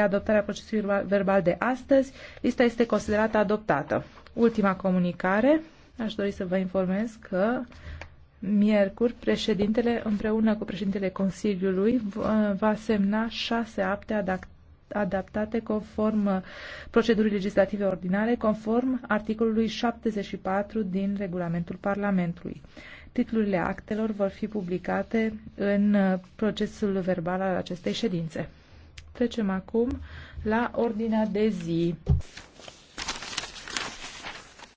adoptarea procesului verbal de astăzi. Lista este considerată adoptată. Ultima comunicare. Aș dori să vă informez că miercuri președintele împreună cu președintele Consiliului va semna șase acte adaptate conform procedurii legislative ordinare, conform articolului 74 din regulamentul Parlamentului. Titlurile actelor vor fi publicate în procesul verbal al acestei ședințe. Trecem acum la ordinea de zi.